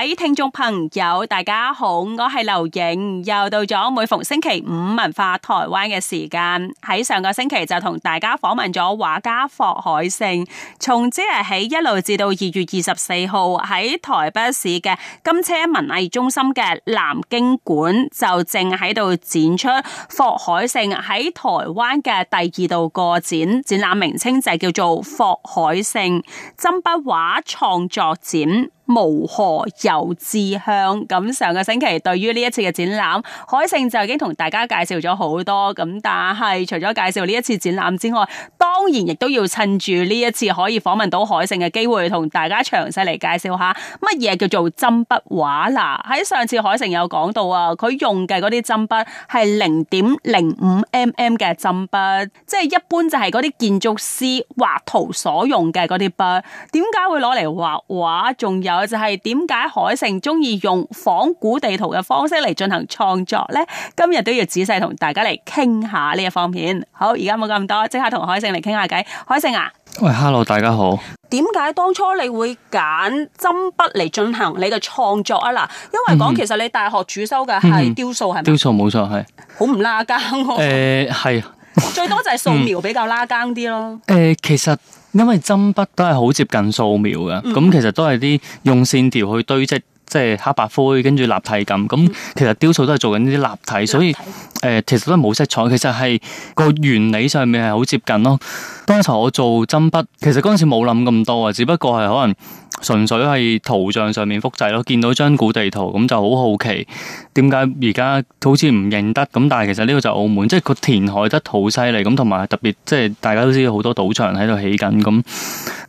喺聽眾朋友，大家好，我係劉穎，又到咗每逢星期五文化台灣嘅時間。喺上個星期就同大家訪問咗畫家霍凱盛。從即日起一路至到二月二十四號，喺台北市嘅金車文藝中心嘅南京館就正喺度展出霍凱盛喺台灣嘅第二度個展，展覽名稱就叫做霍凱盛針筆畫創作展。無何有志向，咁上個星期對於呢一次嘅展覽，凱盛就已經同大家介紹咗好多。咁但係除咗介紹呢一次展覽之外，當然亦都要趁住呢一次可以訪問到凱盛嘅機會，同大家詳細嚟介紹下乜嘢叫做針筆畫嗱，喺上次凱盛有講到啊，佢用嘅啲針筆係零點零五 mm 嘅針筆，即係一般就係啲建築師畫圖所用嘅啲筆，點解會攞嚟畫畫？仲有就係點解凱盛中意用仿古地圖嘅方式嚟進行創作呢？今日都要仔細同大家嚟傾下呢一方面。好，而家冇咁多，即刻同凱盛嚟傾下偈。凱盛啊，喂，hello，大家好。點解當初你會揀針筆嚟進行你嘅創作啊？嗱，因為講其實你大學主修嘅係雕塑，係咪、嗯？吧雕塑冇錯，係。好唔拉更？誒、呃，係、啊。 最多就係素描比較拉更啲咯。誒、呃，其實。因為針筆都係好接近素描嘅，咁、mm hmm. 其實都係啲用線條去堆積，即係黑白灰，跟住立體感。咁、mm hmm. 其實雕塑都係做緊呢啲立體，立體所以誒、呃、其實都係冇色彩。其實係個原理上面係好接近咯。當時我做針筆，其實嗰陣時冇諗咁多啊，只不過係可能。純粹係圖像上面複製咯，見到張古地圖咁就好好奇，點解而家好似唔認得咁？但係其實呢個就澳門，即係佢填海得好犀利咁，同埋特別即係大家都知好多賭場喺度起緊咁。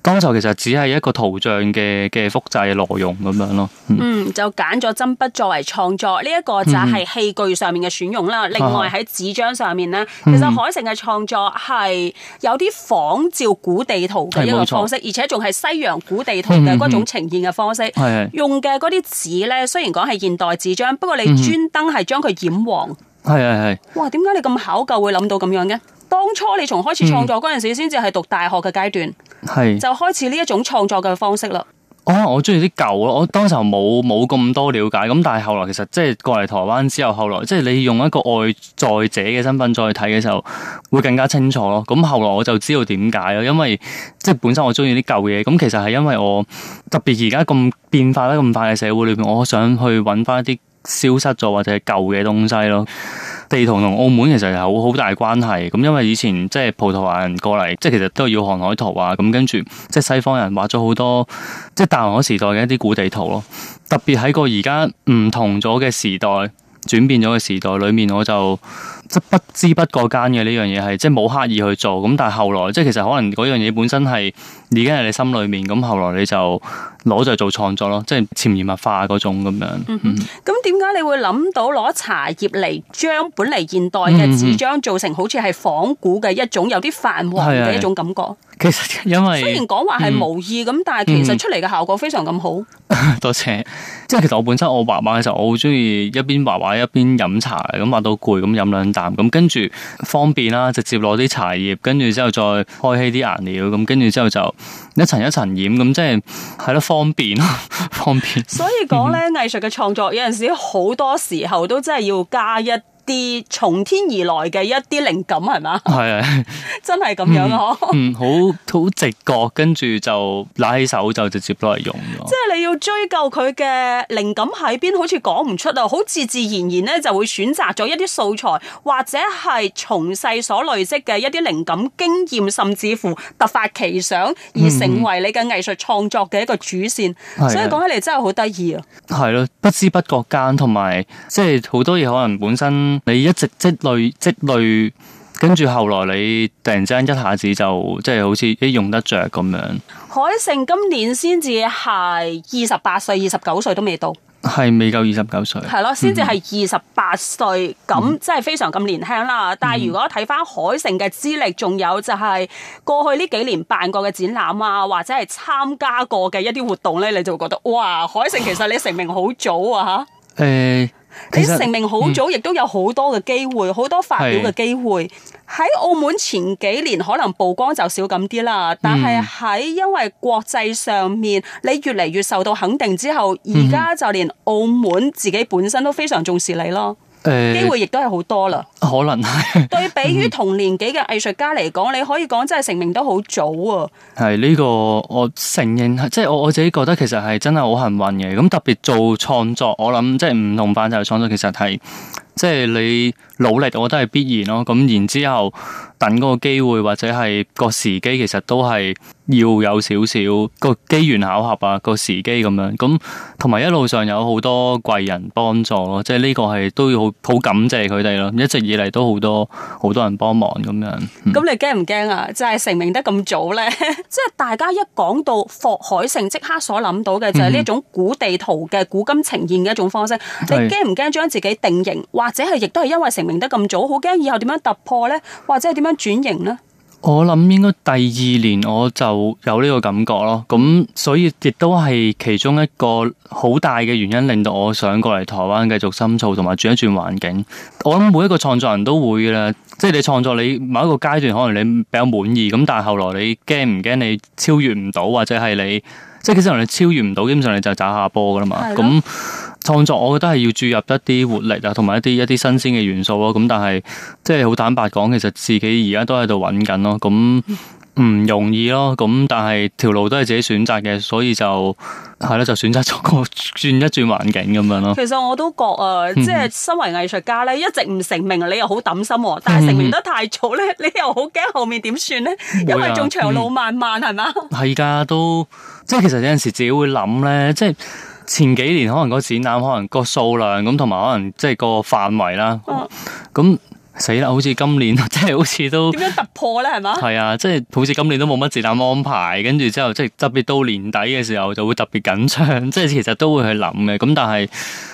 剛才其實只係一個圖像嘅嘅複製，複製挪用咁樣咯。嗯，嗯就揀咗針筆作為創作呢一、呢個就係器具上面嘅選用啦。嗯、另外喺紙張上面呢，啊嗯、其實凱盛嘅創作係有啲仿照古地圖嘅一個方式，而且仲係西洋古地圖嘅。嗰種呈現嘅方式，嗯、用嘅嗰啲紙咧，雖然講係現代紙張，嗯、不過你專登係將佢染黃。係係係。哇！點解你咁考究會諗到咁樣嘅？當初你從開始創作嗰陣時，先至係讀大學嘅階段，嗯、就開始呢一種創作嘅方式啦。啊、哦！我中意啲舊咯，我當時冇冇咁多了解，咁但係後來其實即係過嚟台灣之後，後來即係你用一個外在者嘅身份再睇嘅時候，會更加清楚咯。咁後來我就知道點解咯，因為即係本身我中意啲舊嘢，咁其實係因為我特別而家咁變化得咁快嘅社會裏邊，我想去揾翻啲消失咗或者舊嘅東西咯。地圖同澳門其實有好大關係，咁因為以前即係葡萄牙人過嚟，即係其實都要看海圖啊，咁跟住即係西方人畫咗好多即係大航海時代嘅一啲古地圖咯，特別喺個而家唔同咗嘅時代轉變咗嘅時代裏面，我就。即係不知不覺間嘅呢樣嘢係，即係冇刻意去做。咁但係後來，即係其實可能嗰樣嘢本身係已經係你心裏面。咁後來你就攞就做創作咯，即係潛移默化嗰種咁樣。嗯哼，咁點解你會諗到攞茶葉嚟將本嚟現代嘅紙張做成好似係仿古嘅一種有啲泛黃嘅一種感覺？其實因為雖然講話係無意咁，但係其實出嚟嘅效果非常咁好。多謝。即係其實我本身我畫畫嘅時候，我好中意一邊畫畫一邊飲茶嘅，咁畫到攰咁飲兩啖。咁跟住方便啦、啊，直接攞啲茶葉，跟住之後再開起啲顏料，咁跟住之後就一層一層染，咁、嗯、即係係咯，方便啊，方便。所以講咧，藝術嘅創作有陣時好多時候都真係要加一。自從天而來嘅一啲靈感係嘛？係啊，的 真係咁樣咯。嗯， 嗯，好好直覺，跟住就拿起手就直接攞嚟用咗。即係你要追究佢嘅靈感喺邊，好似講唔出啊！好自自然然咧，就會選擇咗一啲素材，或者係從細所累積嘅一啲靈感經驗，甚至乎突發奇想而成為你嘅藝術創作嘅一個主線。嗯、所以講起嚟真係好得意啊！係咯，不知不覺間，同埋即係好多嘢可能本身。你一直積累積累，跟住後來你突然之間一下子就即係、就是、好似一用得着咁樣。凱盛今年先至係二十八歲，二十九歲都未到，係未夠二十九歲，係咯，先至係二十八歲，咁即係非常咁年輕啦。但係如果睇翻凱盛嘅資歷，仲有就係過去呢幾年辦過嘅展覽啊，或者係參加過嘅一啲活動咧，你就會覺得哇，凱盛其實你成名好早啊吓。誒、嗯。嗯你成名好早，亦、嗯、都有好多嘅機會，好多發表嘅機會。喺是澳門前幾年可能曝光就少咁啲啦，但係喺因為國際上面，你越嚟越受到肯定之後，而家就連澳門自己本身都非常重視你咯。欸，機會亦都係好多啦，可能係對比於同年紀嘅藝術家嚟講，嗯、你可以講真係成名得好早啊！係呢個我承認，即係我我自己覺得其實係真係好幸運嘅。咁特別做創作，我諗即係唔同版就創作，其實係即係你努力，我覺得係必然咯。咁然之後。等嗰個機會或者係個時機，其實都係要有少少個機緣巧合啊，個時機咁樣。咁同埋一路上有好多貴人幫助咯，即係呢個係都要好好感謝佢哋咯。一直以嚟都好多好多人幫忙咁樣。咁你驚唔驚啊？就係成名得咁早咧，即係大家一講到霍凱盛，即刻所諗到嘅就係呢一種古地圖嘅古今呈現嘅一種方式。你驚唔驚將自己定型，或者係亦都係因為成名得咁早，好驚以後點樣突破咧？或者係點樣？轉型呢，我諗應該第二年我就有呢個感覺咯。咁所以亦都係其中一個好大嘅原因，令到我想過嚟台灣繼續深造，同埋轉一轉環境。我諗每一個創作人都會嘅啦，即係你創作你某一個階段，可能你比較滿意，咁但係後來你驚唔驚你超越唔到，或者係你的即係其實你超越唔到，基本上你就走下坡㗎啦嘛。咁的創作我覺得係要注入一啲活力啊，同埋一啲一啲新鮮嘅元素咯。咁但係即係好坦白講，其實自己而家都喺度揾緊咯。咁唔容易咯。咁但係條路都係自己選擇嘅，所以就係啦，就選擇咗個轉一轉環境咁樣咯。其實我都覺啊，即係身為藝術家咧，嗯、一直唔成名，你又好抌心；但係成名得太早咧，嗯、你又好驚後面點算咧，啊、因為仲長路漫漫係嘛。係噶、嗯、吧都即係其實有陣時自己會諗咧，即係。前幾年可能個展覽可能個數量咁，同埋可能即係個範圍啦。咁死啦，好似今年即係好似都點樣突破咧？係嘛？係啊，即係好似今年都冇乜展覽安排，跟住之後即係特別到年底嘅時候就會特別緊張，即係其實都會去諗嘅。咁但係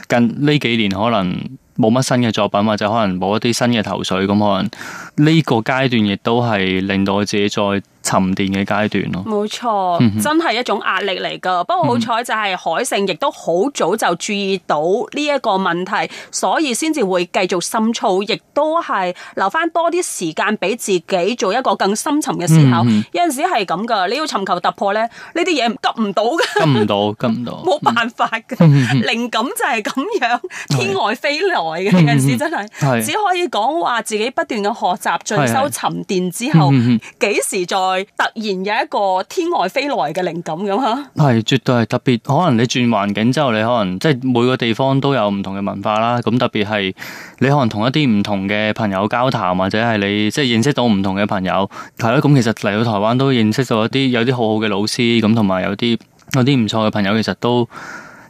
近呢幾年可能冇乜新嘅作品，或者可能冇一啲新嘅頭緒，咁可能呢個階段亦都係令到我自己再。沉澱嘅階段咯，冇錯，真係一種壓力嚟噶。不過好彩就係凱盛亦都好早就注意到呢一個問題，所以先至會繼續深造，亦都係留翻多啲時間俾自己做一個更深沉嘅思考。有陣時係咁噶，你要尋求突破咧，呢啲嘢，急唔到噶，急唔到，急唔到，冇辦法嘅。靈感就係咁樣，天外飛來嘅，有陣時真係，只可以講話自己不斷嘅學習進修沉澱之後，幾時再。突然有一個天外飛來嘅靈感咁吓，係絕對係特別。可能你轉環境之後，你可能即係每個地方都有唔同嘅文化啦。咁特別係你可能同一啲唔同嘅朋友交談，或者係你即係認識到唔同嘅朋友。係咯，咁其實嚟到台灣都認識到一啲有啲好好嘅老師，咁同埋有啲有啲唔錯嘅朋友。其實都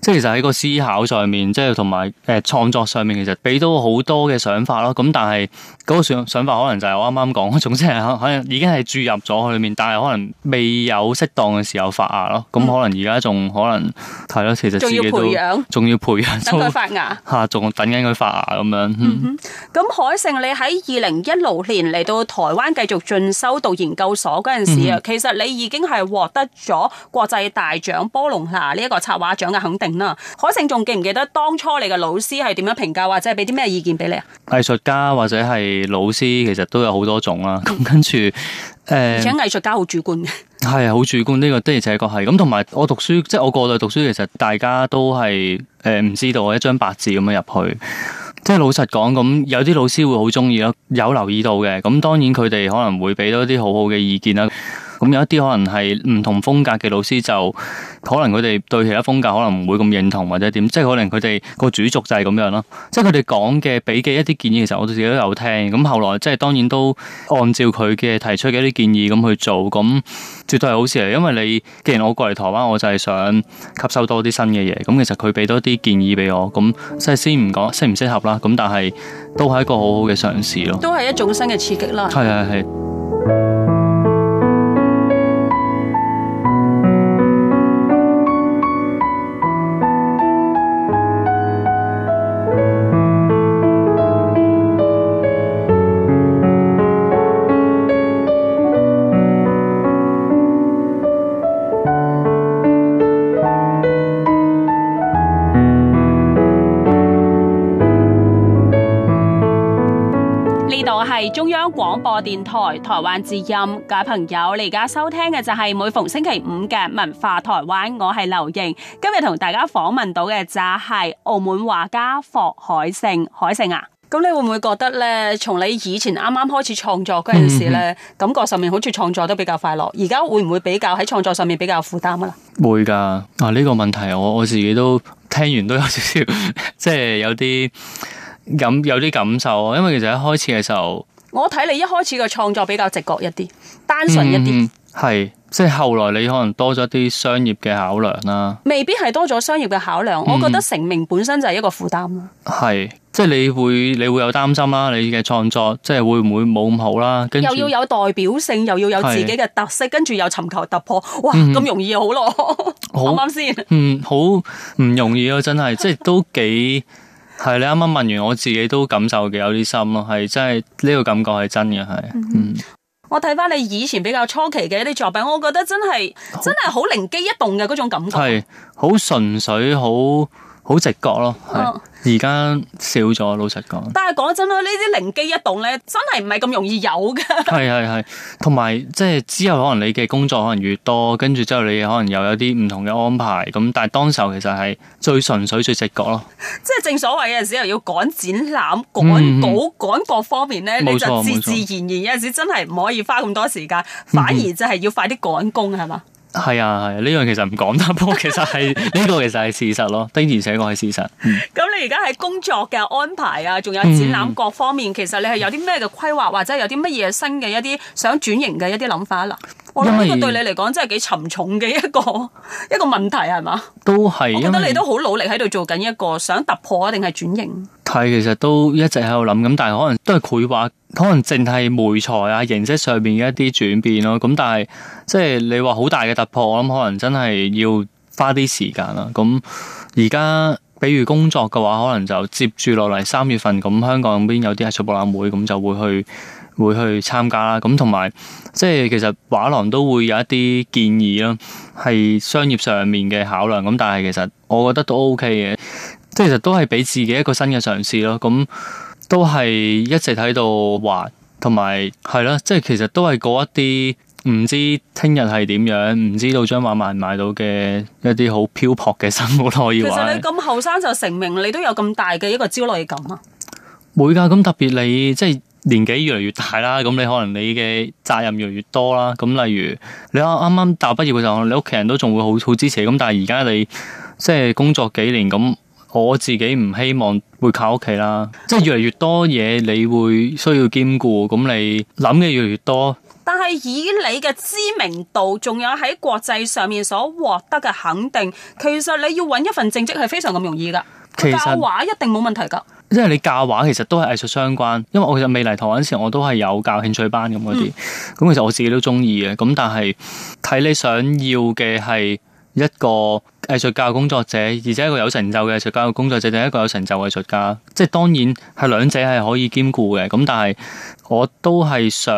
即係其實喺個思考上面，即係同埋誒創作上面，其實俾到好多嘅想法咯。咁但係。嗰個想想法，可能就係我啱啱講，總之係可能已經係注入咗佢去裡面，但係可能未有適當嘅時候發芽咯。咁、嗯、可能而家仲可能係咯，其實仲要培養，仲要培養等佢發芽吓，仲等緊佢發芽咁樣。咁、嗯嗯、凱盛，你喺二零一六年嚟到台灣繼續進修到研究所嗰陣時啊，嗯、哼其實你已經係獲得咗國際大獎波隆那呢一個插畫獎嘅肯定啦。凱盛，仲記唔記得當初你嘅老師係點樣評價或者係俾啲咩意見俾你啊？藝術家或者係。老師其實都有好多種啦，咁跟住誒，欸、而且藝術家好主觀嘅，係啊，好主觀呢、這個的而且確係。咁同埋我讀書，即、就、係、是、我過度讀書，其實大家都係誒唔知道一張白紙咁樣入去。即、就、係、是、老實講，咁有啲老師會好中意咯，有留意到嘅。咁當然佢哋可能會俾多啲好好嘅意見啦。咁、嗯、有一啲可能係唔同風格嘅老師，就可能佢哋對其他風格可能唔會咁認同，或者點，即係可能佢哋個主軸就係咁樣咯。即係佢哋講嘅、俾嘅一啲建議，其實我自己都有聽。咁後來即係當然都按照佢嘅提出嘅一啲建議咁去做。咁絕對係好事嚟，因為你既然我過嚟台灣，我就係想吸收多啲新嘅嘢。咁其實佢俾多啲建議俾我，咁即係先唔講適唔適合啦。咁但係都係一個好好嘅嘗試咯。都係一種新嘅刺激啦。係係係。 廣播電台台灣之音，各位朋友，你而家收聽嘅就係每逢星期五嘅文化台灣，我係劉瑩。今日同大家訪問到嘅就係澳門畫家霍凱盛，凱盛啊，咁你會唔會覺得咧？從你以前啱啱開始創作嗰陣時咧，感覺上面好似創作都比較快樂，而家會唔會比較喺創作上面比較負擔啊？會噶，啊呢個問題我我自己都聽完都有少少，即係有啲感，有啲感受啊。因為其實一開始嘅時候。我睇你一開始嘅創作比較直覺一啲，單純一啲，係、嗯、即係後來你可能多咗啲商業嘅考量啦。未必係多咗商業嘅考量，嗯、我覺得成名本身就係一個負擔啦。係即係你會你會有擔心啦，你嘅創作即係會唔會冇咁好啦？跟住又要有代表性，又要有自己嘅特色，是跟住又尋求突破，哇！咁容易好咯，啱啱先？嗯，好唔容易啊，真係，即係都幾。係你啱啱問完我自己都感受嘅有啲深咯，係真係呢個感覺係真嘅，係。嗯、我睇翻你以前比較初期嘅一啲作品，我覺得真係好真係好靈機一動嘅嗰種感覺，係好純粹，好好直覺咯，係。哦。而家少咗，老實講。但係講真啦，呢啲靈機一動咧，真係唔係咁容易有㗎。係係係，同埋即係之後可能你嘅工作可能越多，跟住之後你可能又有啲唔同嘅安排。咁但係當時候其實係最純粹最直覺咯。即係正所謂有陣時又要趕展覽、趕稿、趕各、嗯、哼方面咧，錯你就自自然然有陣時真係唔可以花咁多時間，嗯、哼反而就係要快啲趕工係嘛。係啊，係呢樣其實唔講得噃，其實係呢個其實係 事實咯。丁延生講係事實。咁、嗯、你而家係工作嘅安排啊，仲有展覽各方面，其實你係有啲咩嘅規劃，或者有啲乜嘢新嘅一啲想轉型嘅一啲諗法啦？我諗呢個對你嚟講真係幾沉重嘅一個一個問題，係嘛？都係，我覺得你都好努力喺度做緊一個想突破啊，定係轉型？係，其實都一直喺度諗咁，但係可能都係繪畫，可能淨係媒材啊形式上面嘅一啲轉變咯。咁但係即係你話好大嘅突破，我諗可能真係要花啲時間啦。咁而家比如工作嘅話，可能就接住落嚟三月份咁，香港邊有啲藝術博覽會，咁就會去。會去參加啦，咁同埋即係其實畫廊都會有一啲建議咯，係商業上面嘅考量，咁但係其實我覺得都 OK 嘅，即係其實都係俾自己一個新嘅嘗試咯，咁都係一直喺度畫，同埋係咯，即係其實都係過一啲唔知聽日係點樣，唔知道將畫賣唔賣到嘅一啲好漂泊嘅生活可以話。其實你咁後生就成名，你都有咁大嘅一個焦慮感啊？會噶，咁特別你即係。年紀越嚟越大啦，咁你可能你嘅責任越嚟越多啦。咁例如你啱啱大學畢業嘅時候，你屋企人都仲會好好支持你。咁但係而家你即係工作幾年，咁我自己唔希望會靠屋企啦。即係越嚟越多嘢，你會需要兼顧。咁你諗嘅越嚟越多。但係以你嘅知名度，仲有喺國際上面所獲得嘅肯定，其實你要揾一份正職係非常咁容易噶。其實教畫一定冇問題噶。即係你教畫其實都係藝術相關，因為我其實未嚟台灣時我都係有教興趣班咁嗰啲，咁、嗯、其實我自己都中意嘅，咁但係睇你想要嘅係一個藝術教育工作者，而且一個有成就嘅藝術教育工作者，定一個有成就藝術家，即、就、係、是、當然係兩者係可以兼顧嘅，咁但係。我都係想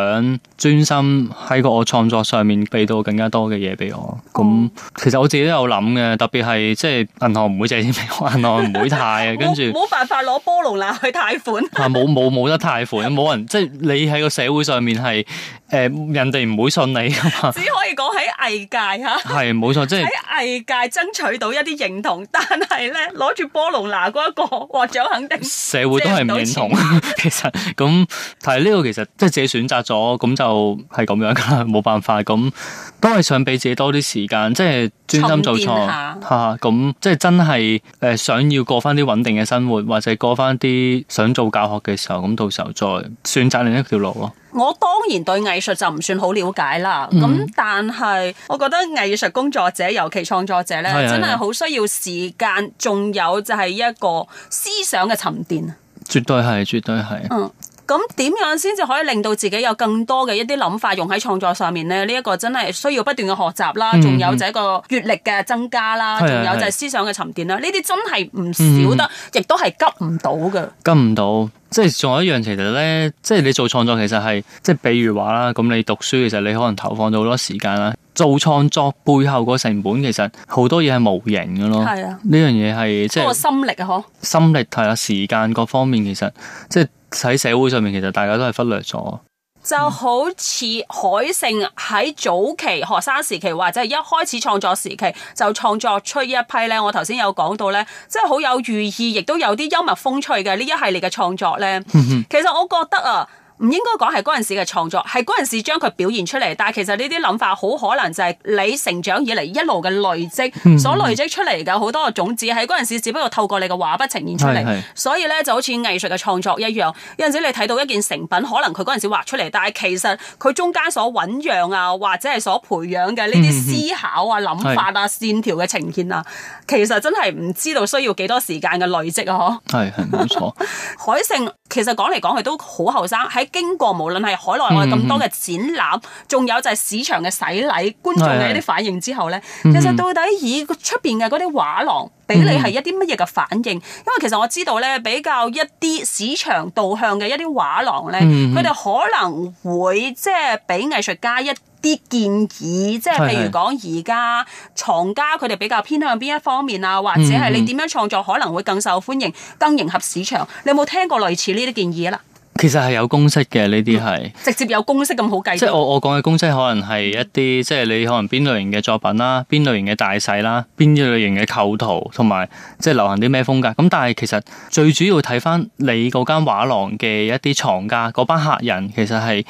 專心喺個我創作上面俾到更加多嘅嘢俾我。咁其實我自己都有諗嘅，特別係即係銀行唔會借錢俾我，銀行唔會貸嘅，跟住冇辦法攞波隆那去貸款。冇冇冇得貸款，冇人即係你喺個社會上面係誒，人哋唔會信你噶嘛。只可以講喺藝界吓，係冇錯，即係喺藝界爭取到一啲認同，但係咧攞住波隆那嗰一個或者肯定，社會都係唔認同。 其實咁係呢個。其實即係自己選擇咗，咁就係咁樣噶，冇辦法。咁都係想俾自己多啲時間，即係專心做錯吓。咁即係真係誒，想要過翻啲穩定嘅生活，或者過翻啲想做教學嘅時候，咁到時候再選擇另一條路咯。我當然對藝術就唔算好了解啦。咁、嗯、但係我覺得藝術工作者，尤其創作者咧，嗯、真係好需要時間，仲有就係一個思想嘅沉澱。絕對係，絕對係。嗯。咁點樣先至可以令到自己有更多嘅一啲諗法用喺創作上面咧？呢、這、一個真係需要不斷嘅學習啦，仲、嗯、有就係個閱歷嘅增加啦，仲、嗯、有就係思想嘅沉澱啦。呢啲、嗯、真係唔少得，亦、嗯、都係急唔到嘅。急唔到，即係仲有一樣，其實咧，即係你做創作，其實係即係，比如話啦，咁你讀書其實你可能投放咗好多時間啦。做創作背後個成本，其實好多嘢係無形嘅咯。係啊，呢樣嘢係即係心力嗬，啊、心力係啊，時間各方面其實即係。喺社會上面，其實大家都係忽略咗，就好似凱盛喺早期學生時期或者係一開始創作時期，就創作出一批咧。我頭先有講到咧，即係好有寓意，亦都有啲幽默風趣嘅呢一系列嘅創作咧。其實我覺得啊。唔應該講係嗰陣時嘅創作，係嗰陣時將佢表現出嚟。但係其實呢啲諗法好可能就係你成長以嚟一路嘅累積，嗯、哼所累積出嚟嘅好多種子喺嗰陣時，只不過透過你嘅畫筆呈現出嚟。是是所以咧，就好似藝術嘅創作一樣，有陣時你睇到一件成品，可能佢嗰陣時畫出嚟，但係其實佢中間所醞釀啊，或者係所培養嘅呢啲思考啊、諗、嗯、哼法啊、是線條嘅呈現啊，其實真係唔知道需要幾多時間嘅累積啊！嗬，係係冇錯。凱盛 其實講嚟講去都好後生喺。經過無論係海內外咁多嘅展覽，仲、嗯、有就係市場嘅洗禮，嗯、觀眾嘅一啲反應之後咧，嗯、其實到底以出邊嘅嗰啲畫廊俾你係一啲乜嘢嘅反應？嗯、因為其實我知道咧，比較一啲市場導向嘅一啲畫廊咧，佢哋、嗯、可能會即係俾藝術家一啲建議，即係、嗯、譬如講而、嗯、家藏家佢哋比較偏向邊一方面啊，或者係你點樣創作可能會更受歡迎、更迎合市場？你有冇聽過類似呢啲建議啊？啦？其實係有公式嘅呢啲係，直接有公式咁好計。即係我我講嘅公式，可能係一啲、嗯、即係你可能邊類型嘅作品啦，邊類型嘅大細啦，邊啲類型嘅構圖，同埋即係流行啲咩風格。咁但係其實最主要睇翻你嗰間畫廊嘅一啲藏家，嗰班客人其實係。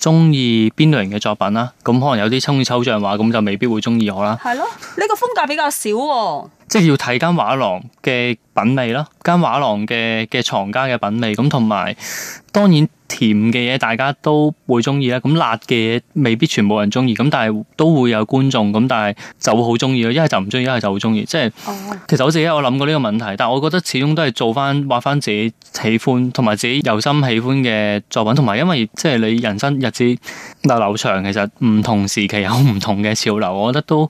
中意邊類型嘅作品啦，咁可能有啲中意抽象畫，咁就未必會中意我啦。係咯，你個風格比較少喎。即係要睇間畫廊嘅品味囉，間畫廊嘅嘅藏家嘅品味，咁同埋當然。甜嘅嘢大家都會中意啦，咁辣嘅嘢未必全部人中意，咁但係都會有觀眾，咁但係就會好中意咯，一係就唔中意，一係就好中意。即係其實我自己有諗過呢個問題，但係我覺得始終都係做翻畫翻自己喜歡同埋自己由心喜歡嘅作品，同埋因為即係你人生日子流流長，其實唔同時期有唔同嘅潮流，我覺得都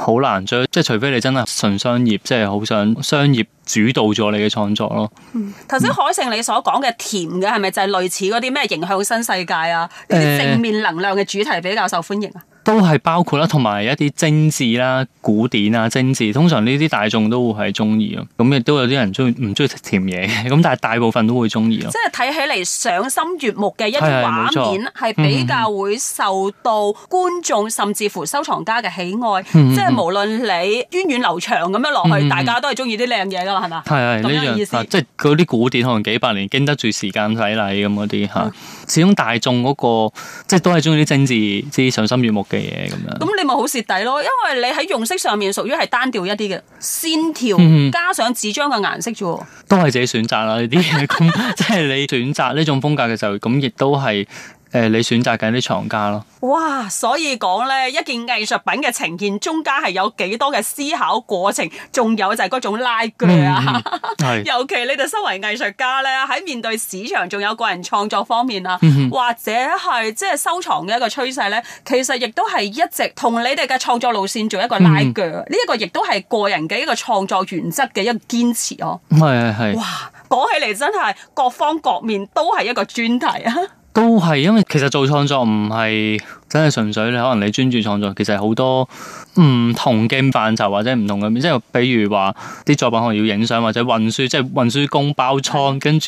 好難追，即係除非你真係純商業，即係好想商業主導咗你嘅創作咯。嗯，頭先凱盛你所講嘅甜嘅係咪就係類似啲咩影響新世界啊？呢啲、呃、正面能量嘅主題比較受歡迎啊？都係包括啦，同埋一啲精緻啦、古典啊、精緻，通常呢啲大眾都會係中意咯。咁亦都有啲人中意唔中意食甜嘢嘅，咁但係大部分都會中意咯。即係睇起嚟賞心悅目嘅一啲畫面，係比較會受到觀眾甚至乎收藏家嘅喜愛。即係無論你源遠流長咁樣落去，大家都係中意啲靚嘢噶嘛？係嘛？係啊，呢樣意思。即係嗰啲古典，可能幾百年經得住時間洗禮咁嗰啲吓。始終大眾嗰個即係都係中意啲精緻即賞心悅目。嘅嘢咁樣，咁你咪好蝕底咯，因為你喺用色上面屬於係單調一啲嘅線條，加上紙張嘅顏色啫、嗯嗯，都係自己選擇啦。啲嘢咁，即係你選擇呢種風格嘅時候，咁亦都係。誒，你選擇緊啲藏家咯？哇，所以講咧，一件藝術品嘅呈現中間係有幾多嘅思考過程，仲有就係嗰種拉鋸啊。係、嗯。 尤其你哋身為藝術家咧，喺面對市場，仲有個人創作方面啊，嗯、或者係即係收藏嘅一個趨勢咧，其實亦都係一直同你哋嘅創作路線做一個拉鋸。呢、嗯、一個亦都係個人嘅一個創作原則嘅一個堅持哦、啊。係係係。哇，講起嚟真係各方各面都係一個專題啊！都係，因為其實做創作唔係，真係純粹你可能你專注創作，其實好多唔同嘅範疇或者唔同嘅即係比如話啲作品可能要影相或者運輸，即係運輸工包倉，倉是的 跟住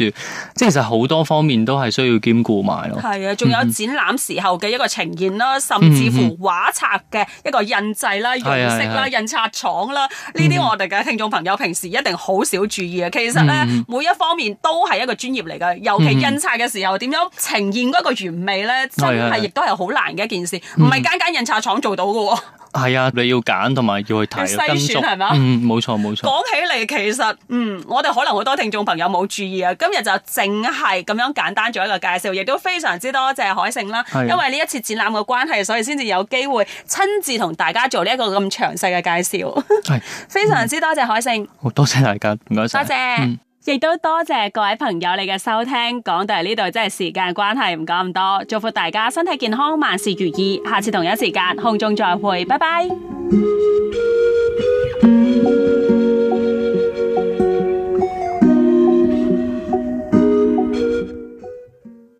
即係其實好多方面都係需要兼顧埋咯。係啊，仲有展覽時候嘅一個呈現啦，嗯、哼甚至乎畫冊嘅一個印製啦、用色啦、印刷廠啦，呢啲我哋嘅聽眾朋友平時一定好少注意嘅。嗯、其實咧，每一方面都係一個專業嚟㗎，尤其印刷嘅時候點樣呈現嗰個原味咧，真係亦都係好難嘅。的件事唔係間間印刷廠做到嘅，係啊、哎，你要揀同埋要去睇跟足係嘛？吧嗯，冇錯冇錯。講起嚟其實，嗯，我哋可能好多聽眾朋友冇注意啊。今日就淨係咁樣簡單做一個介紹，亦都非常之多謝凱盛啦。因為呢一次展覽嘅關係，所以先至有機會親自同大家做呢一個咁詳細嘅介紹。係非常之多謝凱盛，好、 嗯、多謝大家，唔該晒，多謝。嗯亦都多謝各位朋友你嘅收聽，講到嚟呢度，真係時間關係，唔講咁多，祝福大家身體健康，萬事如意，下次同一時間，空中再會，拜拜。